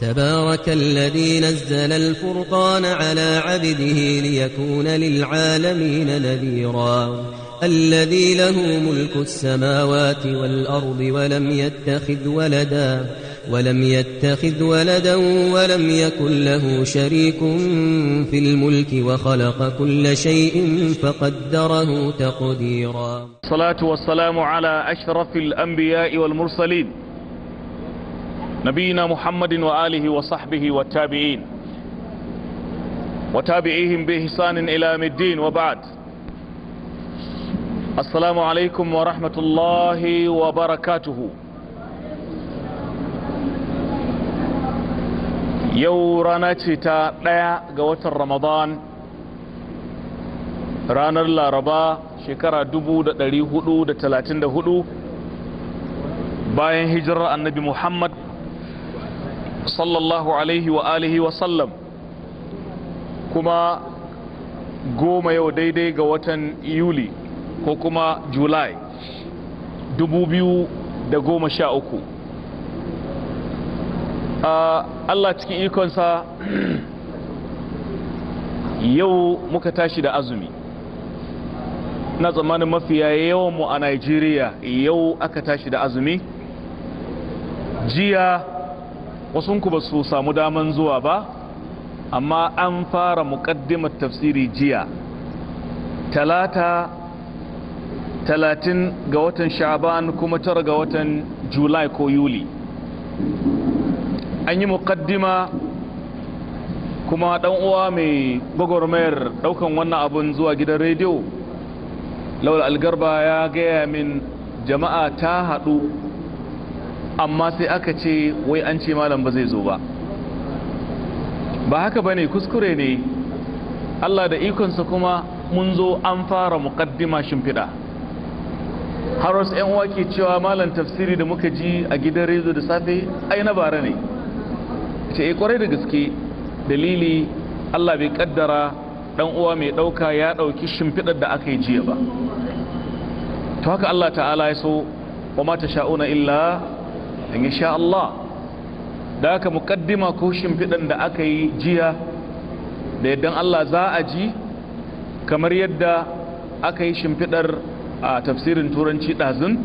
تبارك الذي نزل الفرقان على عبده ليكون للعالمين نذيرا الذي له ملك السماوات والأرض ولم يتخذ ولدا ولم يتخذ ولدا ولم يكن له شريك في الملك وخلق كل شيء فقدره تقديرا صلاة والسلام على أشرف الأنبياء والمرسلين نبينا محمد وآله وصحبه والتابعين وتابعيهم بإحسان إلى يوم الدين وبعد السلام عليكم ورحمة الله وبركاته yau rana ce ta ɗaya ga watan ramadan ranar laraba shekara 434 bayan hijirar annabi muhammad sallallahu alaihi wa alihi wa sallam kuma goma yau daidai ga watan yuli ko kuma Julai da july 2013 uh, allah cikin ikonsa yau muka tashi da azumi na tsammanin mafiya yawanmu a nigeria yau aka tashi da azumi jiya wasunku ba su samu daman zuwa ba amma an fara muƙaddimar tafsiri jiya talata talatin ga watan sha'aban kuma tara ga watan julai ko yuli an yi muƙaddima kuma ɗan uwa mai gwagwarmayar ɗaukan wannan abun zuwa gidan rediyo lawal algarba ya gaya min jama'a ta haɗu amma sai aka ce wai an ce malam ba zai zo ba ba haka ba ne kuskure ne allah da ikonsa kuma mun zo an fara muƙaddima shimfiɗa har wasu 'yan uwa ke cewa malam tafsiri da muka ji a gidan rezo da safe ai na bara ne ce e eh, kwarai da gaske dalili allah bai kaddara dan uwa mai ɗauka ya ɗauki shimfiɗar da aka yi jiya ba ta haka allah ta'ala ya so wa mata sha'una illa in sha Allah da aka muƙaddima ko shimfiɗan da aka yi jiya da yadda Allah za a ji kamar yadda aka yi shimfiɗar a tafsirin turanci ɗazin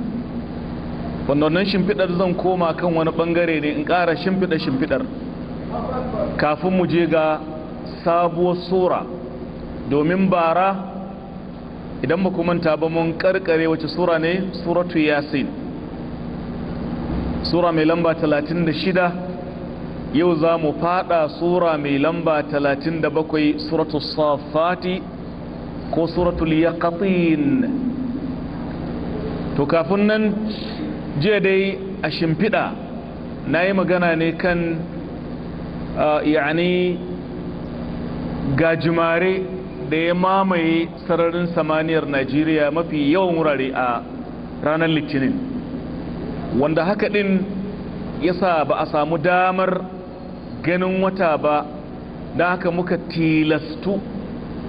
wannan shimfiɗar zan koma kan wani ɓangare ne in ƙara shimfiɗa shimfiɗar kafin mu je ga sabuwar sura domin bara idan ba manta ba mun karkare wace sura ne suratu yasin sura mai lamba 36 yau za mu fada sura mai lamba 37 suratul safati ko suratul yaqatin to kafin nan jiya dai a shimfiɗa na yi magana ne kan yani gajimare da ya mamaye sararin samaniyar najeriya mafi yawan wurare a ranar litinin wanda haka din yasa ba a samu damar ganin wata ba da haka muka tilastu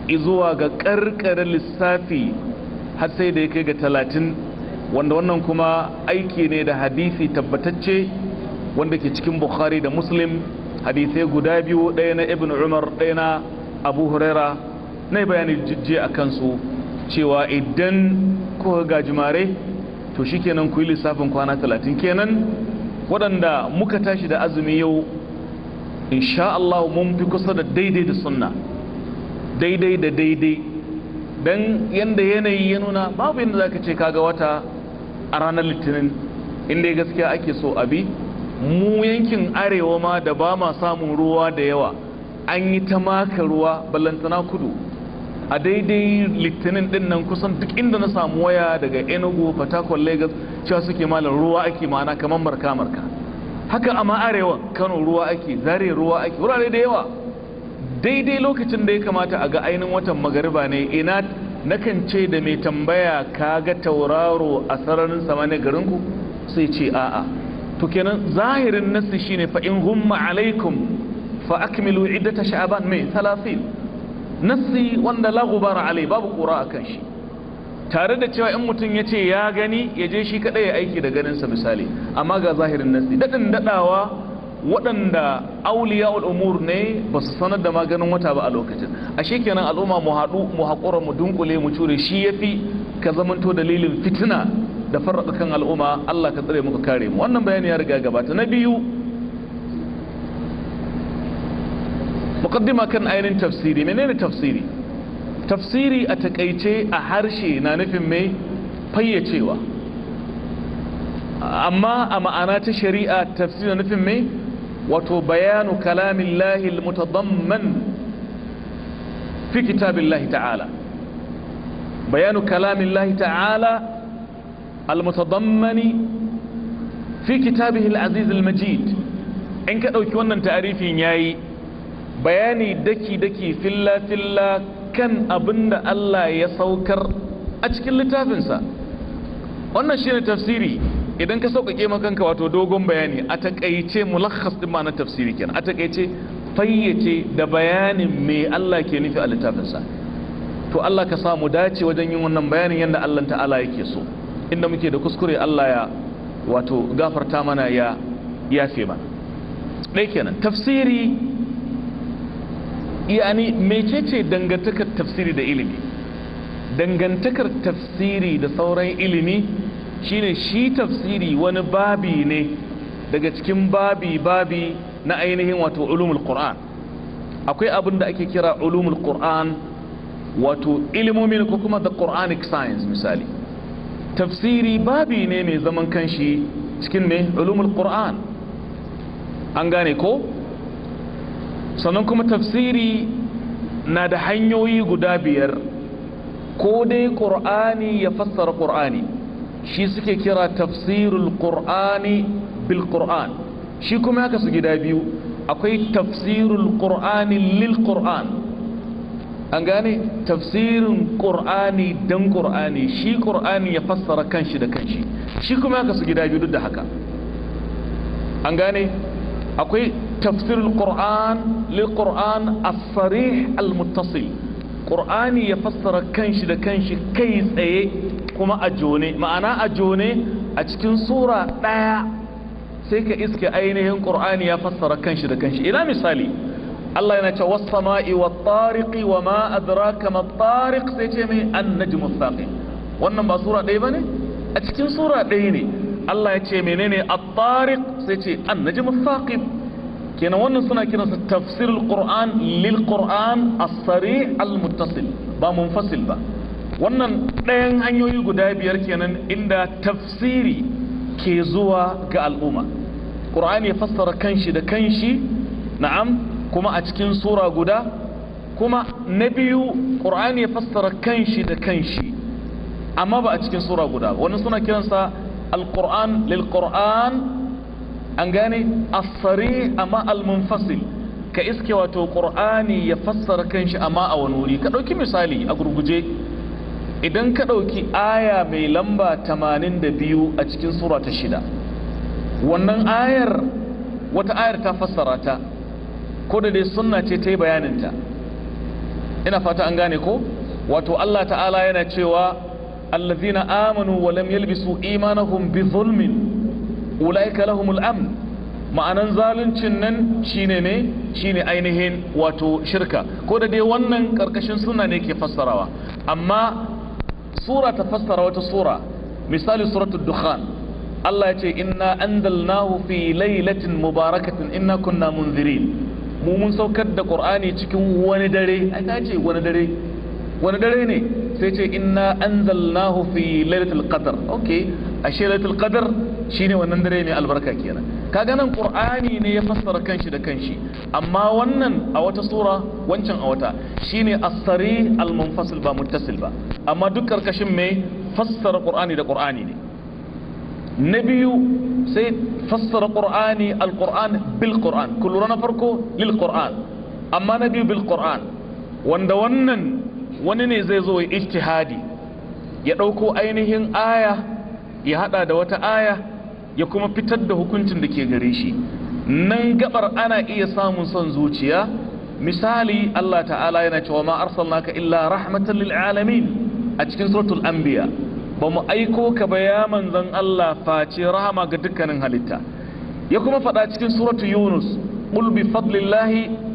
izuwa ga karkarar lissafi har sai da ya kai ga talatin wanda wannan kuma aiki ne da hadisi tabbatacce wanda ke cikin bukhari da muslim hadisai guda biyu ɗaya na ibn umar ɗaya na abu huraira na bayani jijje a kansu cewa idan kuka jimare. to shikenan ku yi lissafin kwana 30 kenan waɗanda muka tashi da azumi yau insha Allah mun fi kusa da daidai da sunna daidai da daidai don yadda yanayi ya nuna babu yadda zaka ce kaga wata a ranar litinin inda gaskiya ake so abi mu yankin arewa ma da ba ma samun ruwa da yawa an yi ta maka ruwa ballantana kudu a daidai litinin din nan kusan duk inda na samu waya daga enugu patakon lagos cewa suke malar ruwa ake mana kamar marka marka haka amma arewa kano ruwa ake zare ruwa ake wurare da yawa daidai lokacin da ya kamata a ga ainihin watan magariba ne ina nakan ce da mai tambaya ka ga tauraro a sararin samani garin garinku sai ce a'a to kenan zahirin nasi shine fa in humma alaikum fa akmilu iddata sha'aban mai 30 nassi wanda la gubara alai babu kura a kan shi tare da cewa in mutum ya ce ya gani ya je shi kaɗai ya aiki da ganinsa misali amma ga zahirin nassi daɗin daɗawa waɗanda auliya umur ne ba su sanar da maganin wata ba a lokacin ashe kenan al'umma mu haɗu mu haƙura mu dunkule mu cure shi ya fi ka zamanto dalilin fitina da farraka kan al'umma Allah ka tsare muka kare mu wannan bayani ya riga gabata na biyu muqaddima kan ainihin tafsiri menene tafsiri tafsiri a takaice a harshe na nufin mai fayyacewa amma a ma'ana ta shari'a tafsiri na nufin mai wato bayanu kalamin lahil mutadamman fi kitabin lahi ta'ala bayanu kalamin lahi ta'ala almutadammani fi kitabihil azizil majid in ka ɗauki wannan ta'arifin yayi bayani daki-daki filla-filla kan abinda Allah ya saukar a cikin littafinsa wannan shi ne tafsiri idan ka sauƙaƙe makanka wato dogon bayani a taƙaice mulakhas ɗin ma'anar tafsiri kenan a taƙaice fayyace da bayanin me Allah ke nufi a littafinsa to Allah ka samu dace wajen yin wannan bayanin yadda Allah ta'ala yake so inda muke da kuskure Allah ya wato gafarta mana ya yafe mana ɗaya kenan tafsiri yani mecece dangantakar tafsiri da ilimi dangantakar tafsiri da sauran ilimi shine shi tafsiri wani babi ne daga cikin babi babi na ainihin wato ulumul qur'an akwai abin da ake kira ulumul qur'an wato ilimomin ko kuma the quranic science misali tafsiri babi ne mai zaman kanshi cikin me ulumul qur'an an gane ko sannan kuma tafsiri na da hanyoyi guda biyar ko dai ƙur'ani ya fassara ƙur'ani shi suke kira tafsirul ƙur'ani bil ƙur'an shi kuma haka su gida biyu akwai tafsirul ƙur'ani lil ƙur'an an gane tafsirin ƙur'ani don ƙur'ani shi ƙur'ani ya fassara kanshi da kanshi shi kuma haka su gida biyu duk da haka an gane akwai تفسير القرآن للقرآن الصريح المتصل قرآني يفسر كنش دا كنش كيس ايه كما أجوني معنا أجوني أجتن سورة دايا سيكا إسك أينهن قرآني يفسر كنش دا كنش إلى مثالي الله ينتهى والسماء والطارق وما أدراك ما الطارق سيتمي النجم الثاقب wannan ba sura ɗaya ba ne a cikin sura ɗaya ne Allah ya ce menene at-tariq sai ce an-najmu kenan wannan suna kiransa tafsirul qur'an lil qur'an as-sari' al-muttasil ba munfasil ba wannan ɗayan hanyoyi guda biyar kenan inda tafsiri ke zuwa ga al'umma qur'ani ya fassara kanshi da kanshi na'am kuma a cikin sura guda kuma na biyu qur'ani ya fassara kanshi da kanshi amma ba a cikin sura guda wannan suna kiransa al-qur'an lil qur'an an gane asari amma almunfasil ka iske wato ƙur'ani ya fassara kanshi amma a wani wuri ka ɗauki misali a gurguje idan ka ɗauki aya mai lamba 82 a cikin sura ta shida wannan ayar wata ayar ta fassara ta ko da dai sunna ce ta yi bayaninta ina fata an gane ko wato allah ta'ala yana cewa allazina amanu walam yalbisu imanahum bi zulmin ulaika lahumul amn ma'anan zaluncin nan shine ne shine ainihin wato shirka ko da dai wannan karkashin suna ne ke fassarawa amma sura ta fassara wata sura misali suratul dukhan Allah ya ce inna anzalnahu fi laylatin mubarakatin inna kunna munzirin mu mun saukar da qur'ani cikin wani dare ai ta ce wani dare wani dare ne sai ce inna anzalnahu fi lailatul qadr okay ashe lailatul qadr shine wannan dare mai albarka kenan kaga nan qur'ani ne ya fassara kanshi da kanshi amma wannan a wata sura wancan a wata shine as-sari al-munfasil ba muttasil ba amma duk karkashin mai fassara qur'ani da qur'ani ne na biyu sai fassara qur'ani al-qur'an bil qur'an kullu na farko lil qur'an amma na biyu bil qur'an wanda wannan wani ne zai zo ya ijtihadi ya ɗauko ainihin aya ya haɗa da wata aya ya kuma fitar da hukuncin da ke gare shi nan gabar ana iya samun son zuciya misali Allah ta'ala yana cewa ma arsalnaka illa rahmatan lil alamin a cikin suratul anbiya ba mu aiko ka ba ya manzon Allah face rahama ga dukkanin halitta ya kuma faɗa cikin suratul yunus qul bi fadlillahi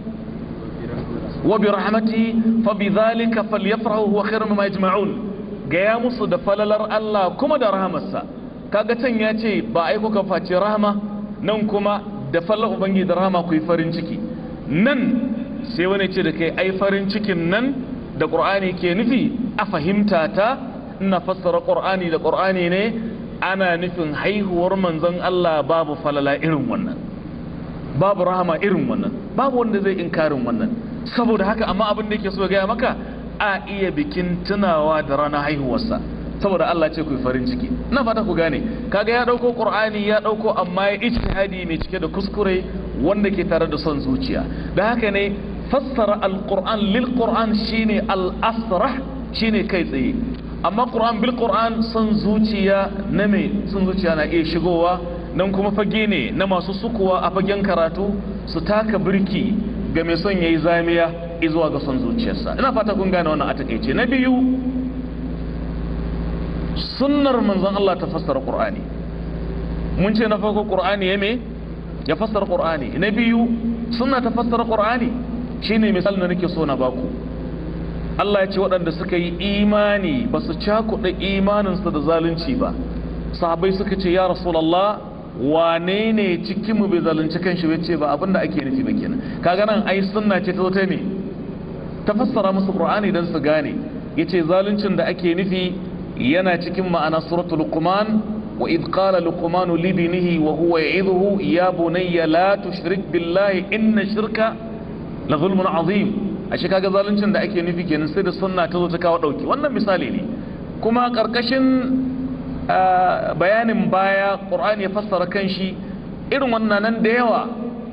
وبرحمته فبذلك فليفرحوا هو خير مما يجمعون gaya musu da falalar Allah kuma da rahamarsa kaga can ya ce ba ai kuka face rahama nan kuma da fallar ubangiji da rahama ku yi farin ciki nan sai wani ce da kai ai farin cikin nan da qur'ani ke nufi a fahimta ta ina fassara qur'ani da qur'ani ne ana nufin haihuwar manzon Allah babu falala irin wannan babu rahama irin wannan babu wanda zai inkarin wannan saboda haka amma abin da yake so ya maka a iya bikin tunawa da ranar haihuwarsa saboda Allah ce ku farin ciki na fata ku gane kaga ya dauko qur'ani ya dauko amma ya ijtihadi mai cike da kuskure wanda ke tare da son zuciya da haka ne fassara alquran lil qur'an shine al shine kai tsaye amma qur'an bil son zuciya na mai son zuciya na iya shigowa nan kuma fage ne na masu sukuwa a fagen karatu su taka birki ga mai son yayi zamiya izuwa ga son zuciyarsa ina fata kun gane wannan a takeice na biyu sunnar manzon Allah ta fassara Qur'ani mun ce na farko Qur'ani ya me ya fassara Qur'ani na biyu sunna ta fassara Qur'ani shine misalin da nake so na baku Allah ya ce waɗanda suka yi imani ba su cakuɗa imaninsu da zalunci ba sahabai suka ce ya rasulallah wane ne mu bai zalunci kan shi ce ba abinda ake nufi ba kenan kaga nan ai sunna ce ta zo ta ne ta fassara musu qur'ani dan su gane yace zaluncin da ake nufi yana cikin ma'ana suratul luqman wa idh qala luqman li binihi wa huwa ya'idhuhu ya bunayya la tushrik billahi inna shirka la zulmun azim ashe kaga zaluncin da ake nufi kenan sai da sunna ta zo ta kawo dauki wannan misali ne kuma karkashin bayanin baya qur'ani ya fassara kanshi irin wannan nan da yawa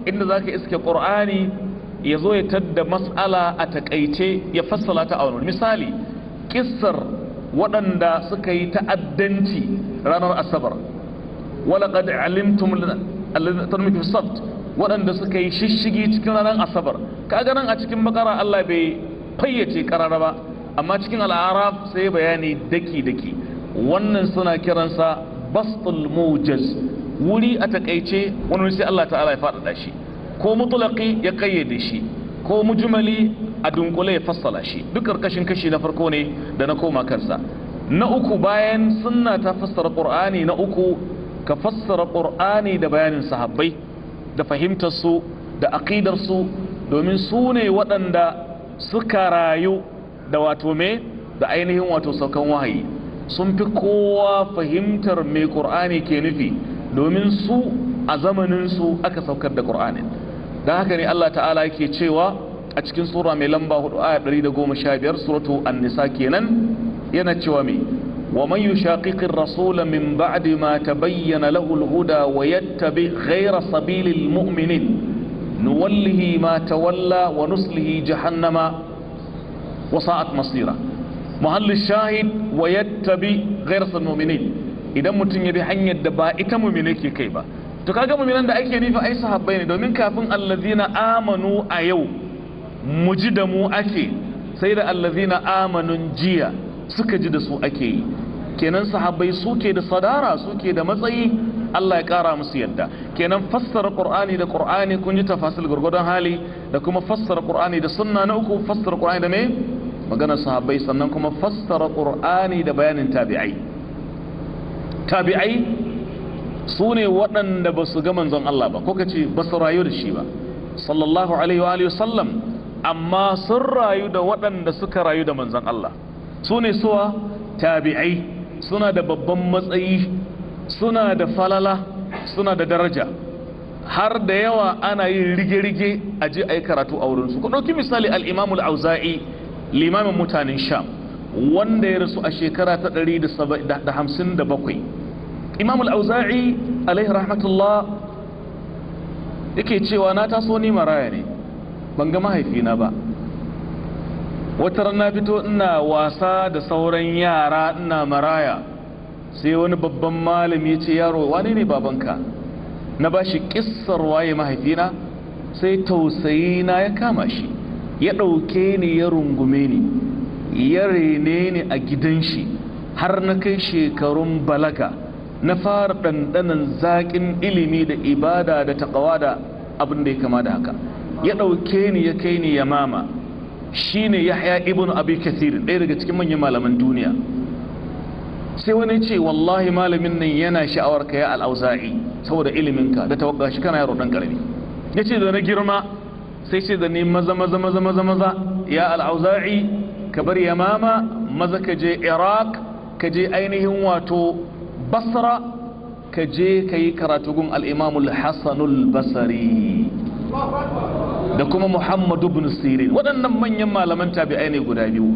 inda zaka iske qur'ani ya zo ya tadda mas'ala a takaice ya fassala ta a wani misali kissar waɗanda suka yi ta'addanci ranar asabar walaƙad alimtum sabt waɗanda suka yi shishigi cikin ranar asabar kaga nan a cikin bakara Allah bai fayyace karara ba amma cikin al'ara sai bayani daki daki wannan suna kiransa bastul mujaz wuri a takaice wani sai Allah ta'ala ya faɗaɗa shi ko mutlaqi ya kayyade shi ko mujmali a dunkule ya fassala shi duk karkashin kashi na farko ne da na koma kansa na uku bayan sunna ta fassara qur'ani na uku ka fassara qur'ani da bayanin sahabbai da fahimtar su da aqidar su domin su ne waɗanda suka rayu da wato me da ainihin wato saukan wahayi sun fi kowa fahimtar me qur'ani ke nufi domin su a zamanin su aka saukar da qur'anin dan haka ne Allah ta'ala yake cewa a cikin sura mai lamba 4 aya 115 suratu an-nisa kenan yana cewa me wa man yushaqiqi ar-rasul min ba'di ma tabayyana lahu al-huda wa yattabi ghayra sabilil mu'minin nuwallihi ma tawalla wa nuslihi jahannama wa sa'at masira muhallin shahid wa yattabi ghayra sabilil idan mutum ya bi hanyar da ba ita mu'mine ke kai ba to kaga mu'minan da ake nufi ai sahabbai ne domin kafin allazina amanu a yau mu ji da mu ake sai da na amanin jiya suka ji da su ake yi kenan sahabbai suke da sadara suke da matsayi Allah ya kara musu yadda kenan fassara qur'ani da qur'ani kun ji tafasil gurgudan hali da kuma fassara qur'ani da sunna na uku fassara qur'ani da me magana sahabbai sannan kuma fassara qur'ani da bayanin tabi'ai tabi'ai su ne waɗanda ba su ga manzon Allah ba ko ka ce ba su rayu da shi ba sallallahu alaihi wa alihi amma sun rayu da waɗanda suka rayu da manzan Allah su ne suwa tabi'ai suna da babban matsayi suna da falala suna da daraja har da yawa ana yin rige-rige a ji a yi karatu a wurinsu ku ɗauki misali al'imamul auza'i limamin mutanen sham wanda ya rasu a shekara ta 157 imamul auza'i alaihi rahmatullah yake cewa na taso ni maraya ne ban ga mahaifina ba wata na fito ina wasa da sauran yara ina maraya sai wani babban malami ya ce yaro wane ne babanka na ba shi kissar waye mahaifina sai tausayi na ya kama shi ya ɗauke ni ya rungume ni ya rene ni a gidan shi har na kai shekarun balaga na fara ɗanɗanan zaƙin ilimi da ibada da taƙawa da abin da ya kama da haka ya ɗauke ni ya kai ni ya mama shi ne yahya ibn abi kathir ɗaya daga cikin manyan malaman duniya sai wani ce wallahi malamin nan yana sha'awar ka ya al'auza'i saboda iliminka da tawaka shi kana yaro ɗan karami ya ce da na girma sai ce da ni maza maza maza maza maza ya al'auza'i ka bar mama maza ka je iraq ka je ainihin wato basra ka je ka yi karatu gun al'imamul hassanul basari da kuma muhammadu ibn sirin waɗannan manyan malaman tabi'ai ne guda biyu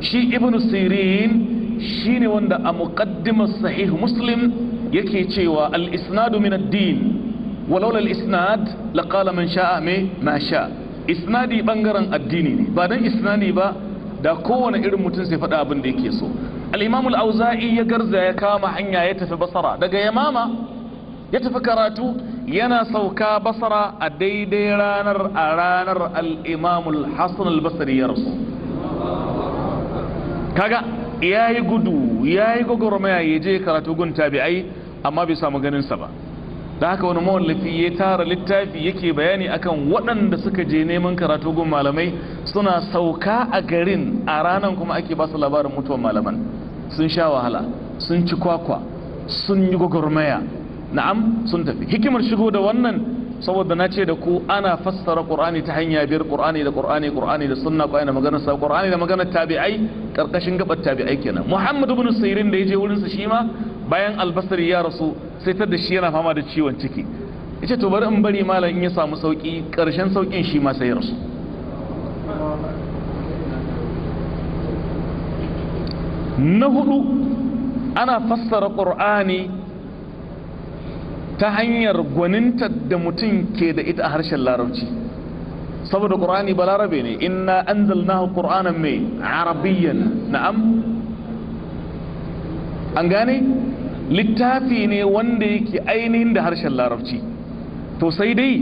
shi ibn sirin shi ne wanda a muqaddimar sahih muslim yake cewa al-isnadu min ad-din walau al-isnad laqala man sha'a me na sha isnadi bangaren addini ne ba dan isnadi ba da kowane irin mutum sai faɗa abin da yake so al-imam al-auza'i ya garza ya kama hanya ya tafi basara daga yamama ya tafi karatu yana sauka basara a daidai ranar a ranar al'imamul hassan albasari ya rasu kaga ya yi gudu ya yi gwagwarmaya ya je karatu gun tabi'ai amma bai samu ganinsa ba da haka wani mawallafi ya tara littafi yake bayani akan waɗanda suka je neman karatu gun malamai suna sauka a garin a ranar kuma ake basu labarin mutuwar malaman sun sha wahala sun ci kwakwa sun yi gwagwarmaya na'am sun tafi hikimar shigo da wannan saboda na ce da ku ana fassara qur'ani ta hanya biyar qur'ani da qur'ani qur'ani da sunna ko da maganar sa qur'ani da maganar tabi'ai karkashin gabar tabi'ai kenan muhammad ibn sirin da yaje wurin sa shi ma bayan albasari ya rasu sai ta da shi yana fama da ciwon ciki yace to bari in bari malam in ya samu sauki karshen saukin shi ma sai ya rasu na hudu ana fassara qur'ani ta hanyar gwaninta da mutum ke da ita a harshen larabci saboda ƙur'ani ba larabe ne inna anzalnahu qur'anan mai arabiyyan na'am an gane littafi ne wanda yake ainihin da harshen larabci to sai dai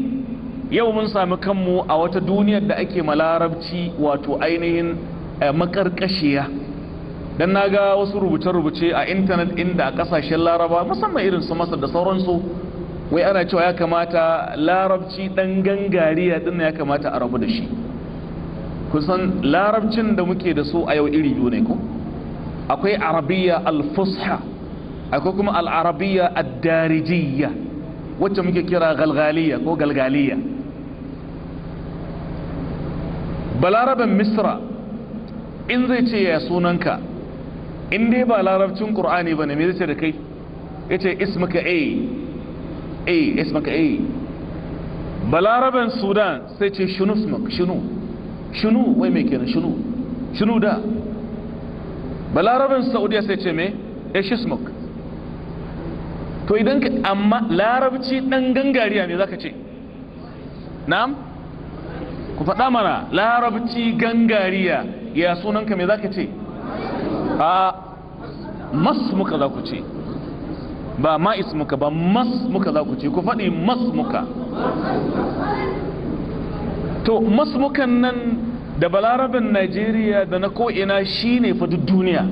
yau mun sami kanmu a wata duniyar da ake ma larabci wato ainihin eh, makarkashiya dan na ga wasu rubuce-rubuce a intanet inda a kasashen laraba musamman irin su masar da sauransu wai ana cewa ya kamata larabci dan gangariya din ya kamata a rabu da shi kusan larabcin da muke da su a yau iri biyu ne ko akwai arabiya al-fusha akwai kuma al-arabiya ad-darijiyya wacce muke kira galgaliya ko galgaliya Balaraben misra in zai ce ya sunanka in dai ba larabcin qur'ani bane me zai da kai yace ismaka a a ismaka a balaraban sudan sai ce shunu shinu shunu shunu wai me kenan shunu shunu da balaraban saudiya sai ce me ish eh, ismak to idan ka amma larabci dan gangariya me zaka ce na'am ku faɗa mana larabci gangariya ya sunanka me zaka ce a mas muka za ku ce ba ma'is muka ba mas muka za ku ce ku faɗi mas muka to mas mukan nan da balarabin najeriya da na ko'ina shi ne faɗi duniya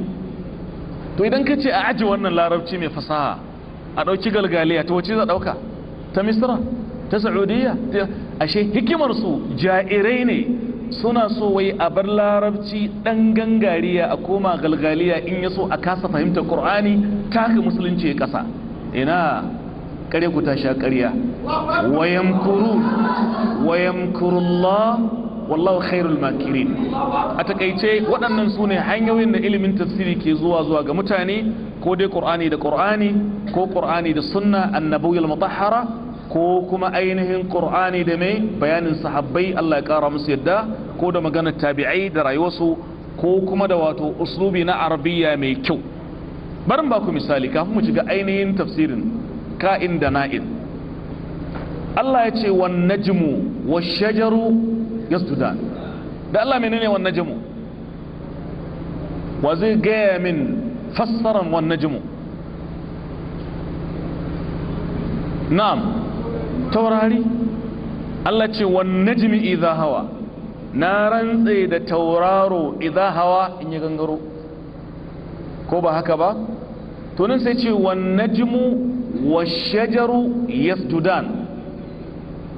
to idan ka ce a aji wannan larabci mai fasaha a ɗauki galgaliya ta wace za ɗauka ta misra ta sa'udiyya ashe hikimarsu jairai ne suna so wai a bar larabci dan gangariya a koma galgaliya in ya so a kasa fahimtar qur'ani taka musulunci ya kasa ina kare ku ta sha ƙarya wayamkurun wayamkurullah wallahu khairul makirin a takaice waɗannan su hanyoyin da ilimin tafsiri ke zuwa zuwa ga mutane ko dai qur'ani da qur'ani ko qur'ani da sunna annabawiyul mutahhara ko kuma ainihin ƙur'ani da mai bayanin sahabbai Allah ya ƙara musu yadda ko da maganar tabi'ai da rayuwarsu ko kuma da wato uslubi na arabiya mai kyau barin ba ku misali kafin mu shiga ainihin tafsirin ka'in da na'in Allah ya ce wan najmu wa shajaru yasjudan da Allah menene wan najmu wa zai gaya min fassaran wan najmu na'am taurari Allah ce wanne najmi idan hawa na rantse da tauraro idan hawa in yi gangaro ko ba haka ba to nan sai ce wan najmu washajaru yasjudan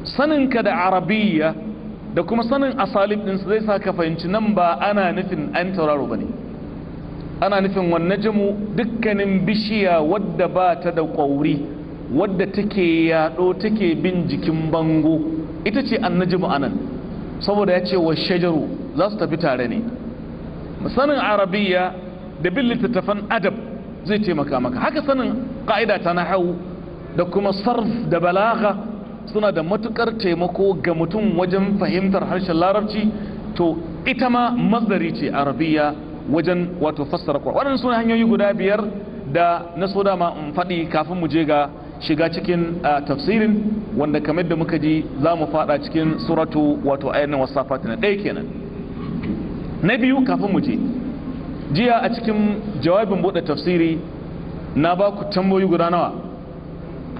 saninka da arabiya da kuma sanin asalib din zai sa ka fahimci nan ba ana nufin an tauraro bane ana nufin wanne jimu dukkanin bishiya wadda ba ta da kwauri wadda take yado take bin jikin bango ita ce annajmu anan saboda ya ce wa shajaru za su tafi tare ne sanin arabiya da bin littattafan adab zai taimaka maka haka sanin ka'ida ta na hau da kuma sarf da balaga suna da matukar taimako ga mutum wajen fahimtar harshen larabci to ita ma masdari ce arabiya wajen wato fassara kwa waɗannan suna hanyoyi guda biyar da na so dama in faɗi kafin mu je ga shiga cikin ah, tafsirin wanda kamar da muka ji za mu fada cikin suratu wato ayyana wasafati na ɗaya kenan na biyu kafin mu je jiya a cikin jawabin buɗe tafsiri na ba ku tambayoyi guda nawa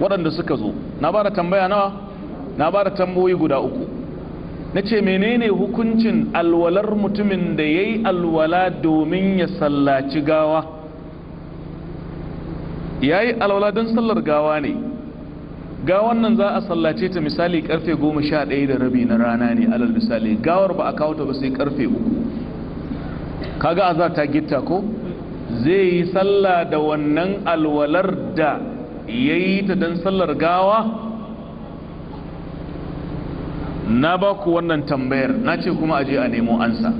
waɗanda suka zo na ba da tambaya nawa na ba da tambayoyi guda uku na ce menene hukuncin alwalar mutumin da ya yi alwala domin ya sallaci gawa ya yi alwala don sallar gawa ne gawan nan za a sallace ta misali karfe goma sha ɗaya da rabi na rana ne alal misali gawar ba a kawo ta ba sai karfe uku kaga azar ta gita ko zai yi sallah da wannan alwalar da ya yi ta don sallar gawa na ba ku wannan tambayar na ce kuma aje a nemo ansa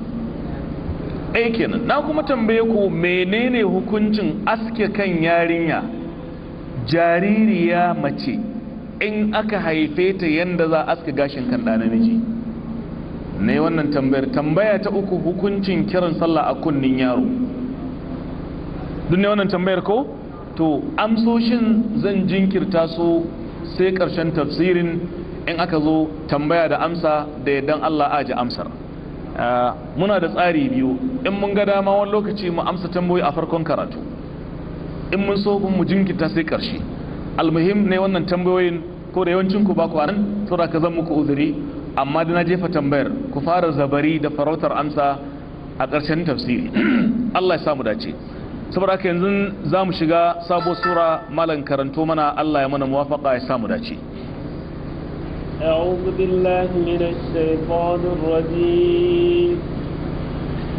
ɗaya na kuma tambaye ku menene hukuncin aske kan yarinya jaririya mace in aka haife ta yadda za aske gashin kan ɗa namiji ne wannan tambayar tambaya ta uku hukuncin kiran sallah a kunnin yaro duk ne wannan tambayar ko to amsoshin zan jinkirta su sai ƙarshen tafsirin in aka zo tambaya da amsa da yadda Allah aji amsar Ah, muna da tsari biyu in mun ga dama wani lokaci mu amsa tambayoyi a farkon karatu in mun so mu jinkita sai karshe almuhim ne wannan tambayoyin ko da yawancin ku ba ku anan to da ka zan muku uzuri amma da na jefa tambayar ku fara zabari da farautar amsa a ƙarshen tafsiri Allah ya samu dace saboda haka yanzu za mu shiga sabo sura malan karanto mana Allah ya mana muwafaqa ya sa mu dace أعوذ بالله من الشيطان الرجيم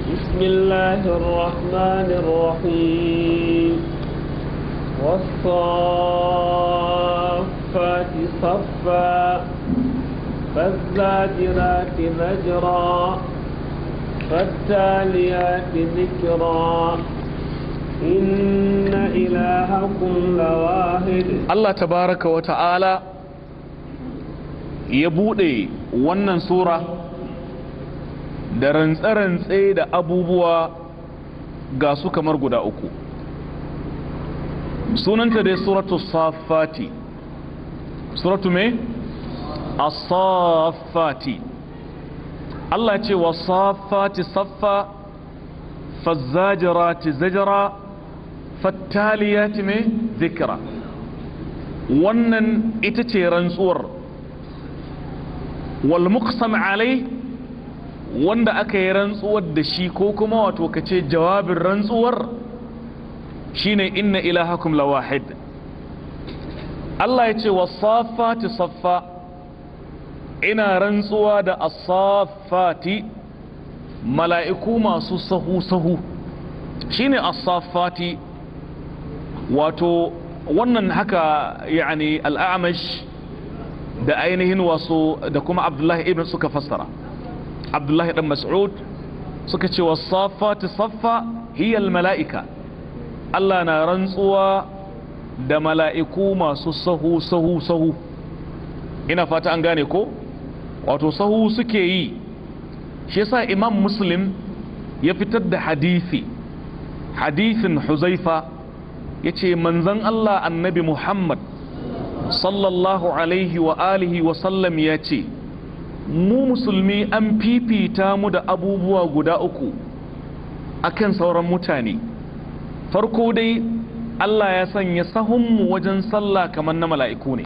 بسم الله الرحمن الرحيم والصافات صفا فالزاجرات زجرا فالتاليات ذكرا إن إلهكم لواحد الله تبارك وتعالى ya bude wannan sura da rantse-rantse da abubuwa ga su kamar guda uku sunanta dai suratu safati suratu me? asafati Allah ce wa safati saffa fazzajirati zajira fattaliyati me? zikira wannan ita ce rantsuwar wal muqsam alai wanda aka yi rantsuwar da shi ko kuma wato ka ce jawabin rantsuwar shine inna ilahakum lawahid Allah ya ce wasafati saffa ina rantsuwa da asafati mala'iku masu sahu sahu shine asafati wato wannan haka yani al'amash da ainihin wasu da kuma abdullahi ibn suka fassara abdullahi dan mas'ud suka ce wa wasafati saffa hiyal mala'ika Allah na rantsuwa da mala'iku masu sahu sahu sahu ina fata an gane ko wato sahu suke yi shi yasa imam muslim ya fitar da hadisi hadisin huzaifa yace manzon Allah annabi muhammad sallallahu alaihi wa alihi wa sallam ya ce mu musulmi an fifita mu da abubuwa guda uku akan sauran mutane farko dai Allah ya sanya sahunmu wajen sallah kamar na mala'iku ne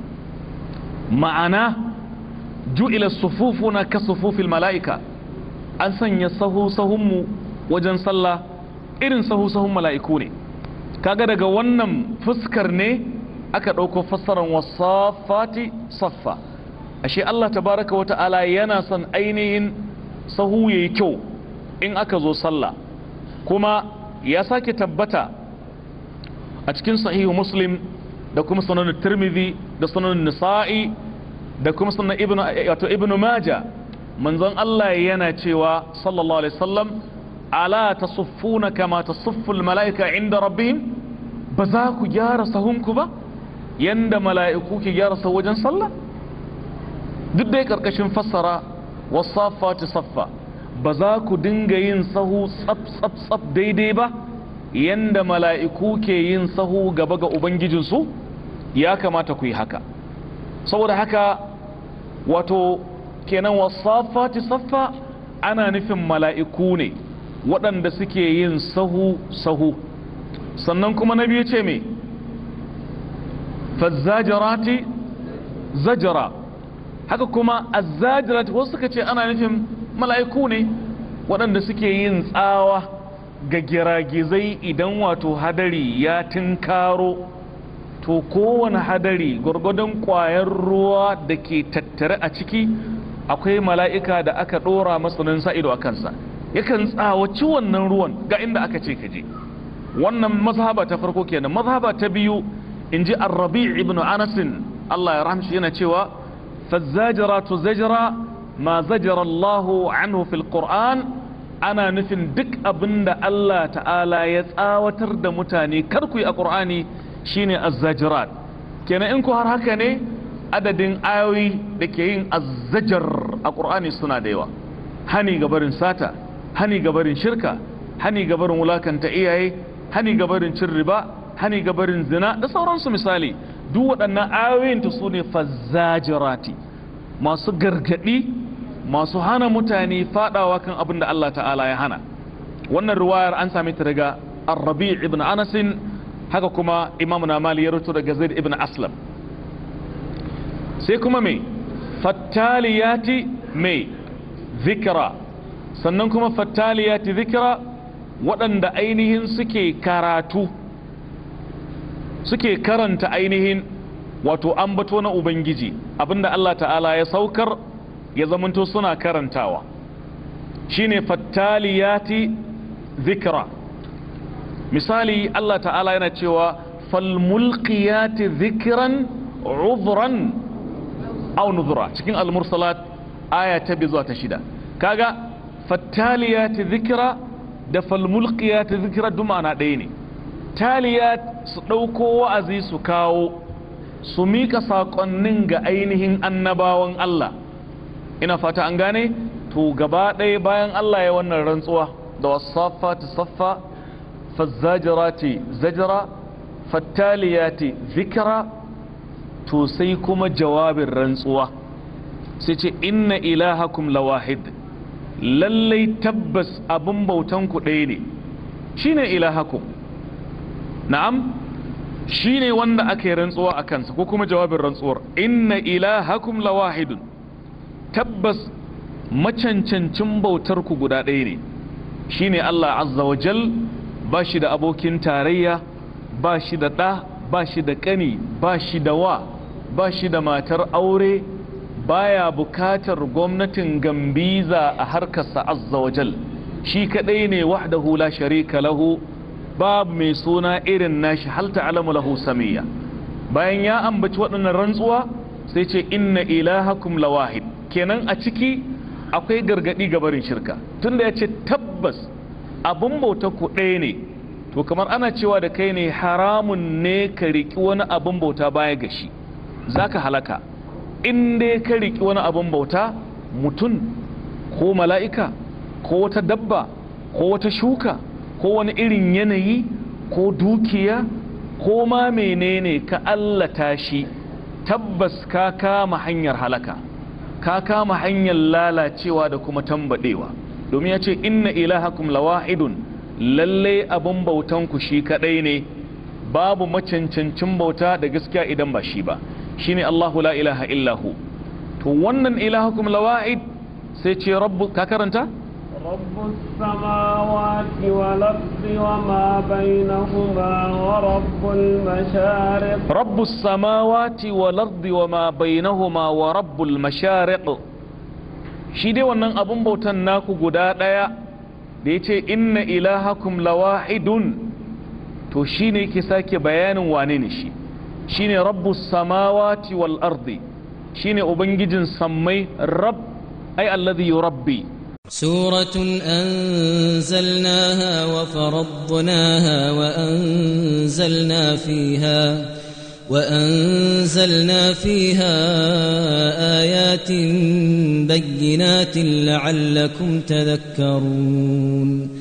ma'ana ju'ila sufufuna ka sufufil mala'ika an sanya sahu-sahunmu wajen sallah irin sahu-sahun mala'iku ne kaga daga wannan fuskar ne aka ɗauko fassarar wasafati saffa ashe Allah tabaraka wata'ala yana son ainihin sahu yayi kyau in aka zo sallah kuma ya sake tabbata a cikin sahihu muslim da kuma sanan tirmidhi da sanan nisa'i da kuma sanan ibnu wato ibnu maja manzon Allah yana cewa sallallahu alaihi wasallam ala tasuffuna kama tasuffu almalaika inda rabbihim ba za ku gyara sahunku ba yanda mala'iku ke gyara sa wajen sallah duk dai ƙarƙashin fassara wasafati saffa ba za ku dinga yin sahu tsaf tsaf daidai ba yanda mala'iku ke yin sahu gaba ga ubangijinsu ya kamata ku yi haka saboda haka wato kenan wasafati saffa ana nufin mala'iku ne waɗanda suke yin sahu sahu sannan kuma na biyu ce mai fazzajarati zajara haka kuma azzajarati wasu suka ce ana nufin mala'iku ne waɗanda suke yin tsawa ga giragizai idan wato hadari ya tinkaro to kowane hadari gwargwadon ƙwayar ruwa da ke tattare a ciki akwai mala'ika da aka ɗora matsanin sa'ido a kansa yakan tsawaci wannan ruwan ga inda aka ce ka je wannan mazhaba ta farko kenan mazhaba ta biyu in ji arrabi ibn anasin Allah ya rahamshi yana cewa fazzajira tu zajira ma zajira Allahu anhu fil Qur'an ana nufin duk abinda Allah ta'ala ya tsawatar da mutane karku a Qur'ani shine azzajirat kenan in ku har haka ne adadin ayoyi da ke yin azzajar a Qur'ani suna da yawa hani gabarin sata hani gabarin shirka hani gabarin wulakanta iyaye hani gabarin barin cin riba hani ga barin zina da sauransu misali duk waɗannan ayoyin ta su ne fazzajirati masu gargaɗi masu hana mutane faɗawa kan abin da Allah ta'ala ya hana wannan ruwayar an sami ta daga arrabi ibn anasin haka kuma imamu na mali ya rutu daga zaid ibn aslam sai kuma mai fattaliyati mai zikira sannan kuma fattaliyati zikira waɗanda ainihin suke karatu suke karanta ainihin wato ambato na ubangiji abinda Allah ta'ala ya saukar ya zamanto suna karantawa shine fattaliyati zikra misali Allah ta'ala yana cewa falmulqiyati zikran udhran aw nudhra cikin al aya ta bi zuwa ta shida kaga fattaliyati zikra da falmulqiyati zikra duma na ɗaya ne taliya su ɗauko wa'azi su kawo su mika saƙonnin ga ainihin annabawan Allah ina fata an gane to gaba ɗaya bayan Allah ya wannan rantsuwa da wasaffa ta saffa fazzajirati zajira fattaliyati zikira to sai kuma jawabin rantsuwa sai ce inna ilahakum lawahid lallai tabbas abin bautanku ɗaya ne shine ilahakum na'am shine wanda aka yi rantsuwa a kansa ko kuma jawabin rantsuwar inna ilahakum lawahidun tabbas macancancin bautar ku guda ɗaya ne shine Allah azza wa jal ba shi da abokin tarayya ba shi da ɗa ba shi da kani ba shi da wa ba shi da matar aure baya bukatar gwamnatin gambiza a harkarsa azza wa jal shi kaɗai ne wahdahu la sharika lahu babu mai suna irin nashi hal ta'lamu lahu samiyya bayan ya ambaci waɗannan rantsuwa sai ce inna ilahakum lawahid kenan a ciki akwai gargadi ga barin shirka tunda ya ce tabbas abun bauta ku ɗaya ne to kamar ana cewa da kai ne haramun ne ka riki wani abun bauta baya ga shi zaka halaka in dai ka riki wani abun bauta mutum ko mala'ika ko wata dabba ko wata shuka ko wani irin yanayi ko dukiya ko ma menene ka allata shi tabbas ka kama hanyar halaka ka kama hanyar lalacewa da kuma tambadewa domin ya ce inna ilahakum lawahidun lalle bautan ku shi kadai ne babu macancancin bauta da gaskiya idan ba shi ba shine Allahu la ilaha illahu to wannan ilahakum lawahid sai ce rabbu ka karanta رب السماوات والأرض وما بينهما ورب المشارق رب السماوات والأرض وما بينهما ورب المشارق shi dai wannan abun bautan naku guda ɗaya da ya ce inna ilahakum lawahidun to shi ne ke sake bayanin wane ne shi shi ne rabbus samawati wal ardi shi ne ubangijin sammai rab ai alladhi rabbi سورة أنزلناها وفرضناها وأنزلنا فيها وأنزلنا فيها آيات بينات لعلكم تذكرون